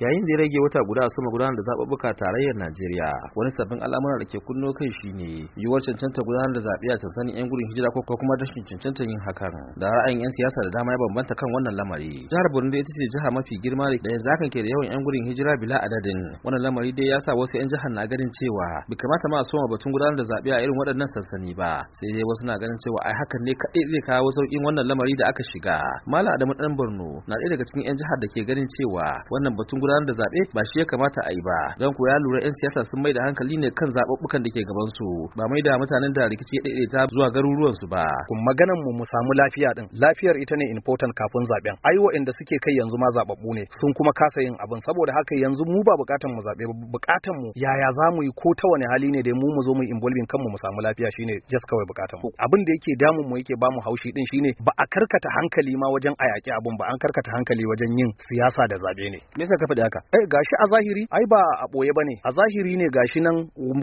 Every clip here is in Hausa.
yayin da ya rage wata guda a sama gudanar da zaɓuɓɓuka tarayyar Najeriya wani sabbin al'amuran da ke kunno kai ne yiwuwar cancanta gudanar da zaɓe a sansanin 'yan gudun hijira ko kuma rashin cancanta yin hakan da ra'ayin 'yan siyasa da dama ya bambanta kan wannan lamari jihar Borno ita ce jiha mafi girma da yanzu hakan ke da yawan 'yan gudun hijira bila adadin wannan lamari dai ya sa wasu 'yan jihar na ganin cewa bai kamata ma a soma batun gudanar da zaɓe a irin waɗannan sansani ba sai dai wasu na ganin cewa ai hakan ne kaɗai zai kawo sauƙin wannan lamari da aka shiga malam adamu ɗan borno na ɗaya daga cikin 'yan jihar da ke ganin cewa wannan batun gudanar da zaɓe ba shi ya kamata a yi ba don ko ya lura 'yan siyasa sun mai da hankali ne kan zaɓuɓɓukan da ke gaban su ba mai da mutanen da rikici ya ta zuwa garuruwan su ba kun maganan mu mu samu lafiya din lafiyar ita ne important kafin zaben ai waɗanda suke kai yanzu ma zaɓaɓɓu ne sun kuma kasa yin abin saboda haka yanzu mu ba bukatan mu zabe bukatan mu yaya za mu yi ko ta wani hali ne da mu mu zo mu involving Kan mu mu samu lafiya shine just kawai bukatan mu abin da yake damun mu yake ba mu haushi din shine ba a karkata hankali ma wajen ayaki abin ba an karkata hankali wajen yin siyasa da zabe ne me yasa ka haka Eh gashi a zahiri ai ba a ɓoye bane a zahiri ne gashi nan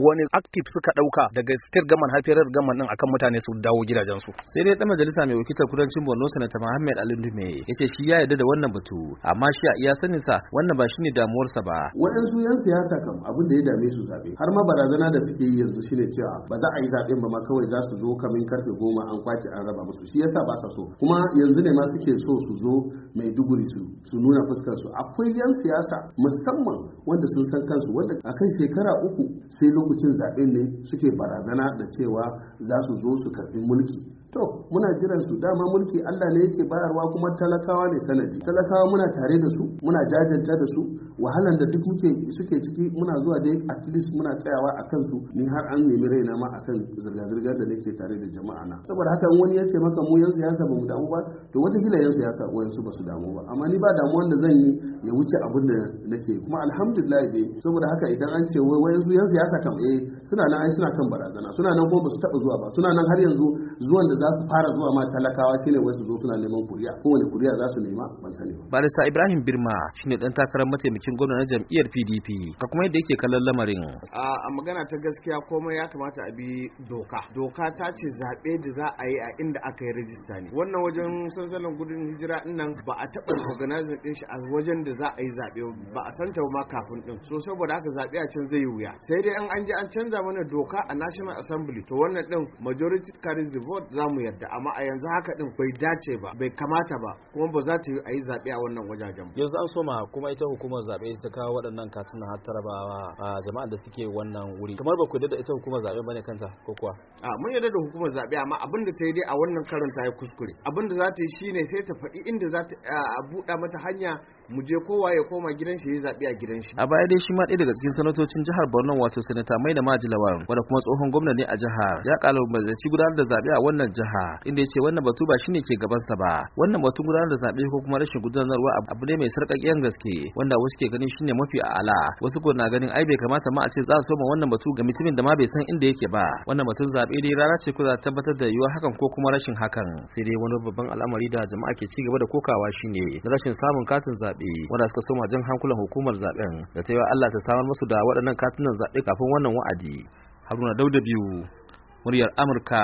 wani active suka ɗauka daga state gaman hafiyar gaman din akan mutane su dawo gidajen su. sai dai dan majalisa mai wakiltar kudancin Borno sanata Muhammad Ali Dume yace shi ya yarda da wannan batu amma shi a iya sanin sa wannan ba shine damuwarsa ba waɗansu yan siyasa kam abin da ya dame su zabe har ma barazana da suke yi yanzu shine cewa ba za a yi zaben ba ma kawai za su zo kamin karfe goma an kwace an raba musu shi yasa ba sa so kuma yanzu ne ma suke so su zo mai duguri su nuna fuskar su akwai yan siyasa siyasa musamman wanda sun san kansu wanda a kan shekara uku sai lokacin zaɓen ne suke barazana da cewa za su zo su karɓi mulki to muna jiran su dama mulki Allah ne yake bayarwa kuma talakawa ne sanadi talakawa muna tare da su muna jajanta da su wahalan da duk muke suke ciki muna zuwa dai at least muna tsayawa a kansu ni har an nemi raina ma akan zirga zirgar da nake tare da jama'a na saboda haka wani ya ce maka mu yan siyasa ba mu damu ba to wata kila yan siyasa ko yansu ba su damu ba amma ni ba damuwan da zan yi ya wuce abin da nake kuma alhamdulillah dai saboda haka idan an ce wai wayansu yan siyasa kam eh suna nan ai suna kan barazana suna nan kuma ba su taba zuwa ba suna nan har yanzu zuwan da za su fara zuwa ma talakawa shine wai su zo suna neman kuriya wani kuriya za su nema ban sani ba barista ibrahim birma shine dan takarar mataimakin gwamna na jam'iyyar pdp ka kuma yadda yake kallon lamarin a magana ta gaskiya komai ya kamata a bi doka doka ta ce zaɓe da za a yi a inda aka yi rajista ne wannan wajen sansanin gudun hijira nan ba a taɓa organizing din shi a wajen da za a yi zaɓe ba a ta ma kafin din so saboda haka zaɓe a can zai yi wuya sai dai an an je an canza mana doka a national assembly to wannan din majority carries the vote za mu yarda amma a yanzu haka din bai dace ba bai kamata ba kuma ba za ta yi a yi zaɓe a wannan wajajen ba yanzu an soma kuma ita hukumar zaɓe ta kawo waɗannan katunan har tarabawa a jama'ar da suke wannan wuri kamar ba ku yarda da ita hukumar zaɓe bane kanta ko kuwa a mun yarda da hukumar zaɓe amma abin da ta yi dai a wannan karin ta yi kuskure abin da za ta yi shine sai ta faɗi inda za ta buɗa mata hanya mu je kowa ya koma gidan shi ya zaɓe a gidan shi a baya dai shi ma ɗaya daga cikin sanatocin jihar Borno wato sanata Maina Majilawan wanda kuma tsohon gwamna ne a jihar ya kalubalanci gudanar da zaɓe a wannan jihar jiha inda ya ce wannan batu ba shine ke gaban sa ba wannan batun gudanar da zaɓe ko kuma rashin gudanarwa abu ne mai sarƙaƙiyar gaske wanda wasu ke ganin shine mafi a'ala wasu ko na ganin ai bai kamata ma a ce za su soma wannan batu ga mutumin da ma bai san inda yake ba wannan batun zaɓe dai rana ce ko za tabbatar da yiwuwar hakan ko kuma rashin hakan sai dai wani babban al'amari da jama'a ke ci gaba da kokawa shine na rashin samun katin zaɓe wanda suka soma jan hankulan hukumar zaɓen da ta yi Allah ta samar musu da waɗannan katunan zaɓe kafin wannan wa'adi haruna dauda muryar amurka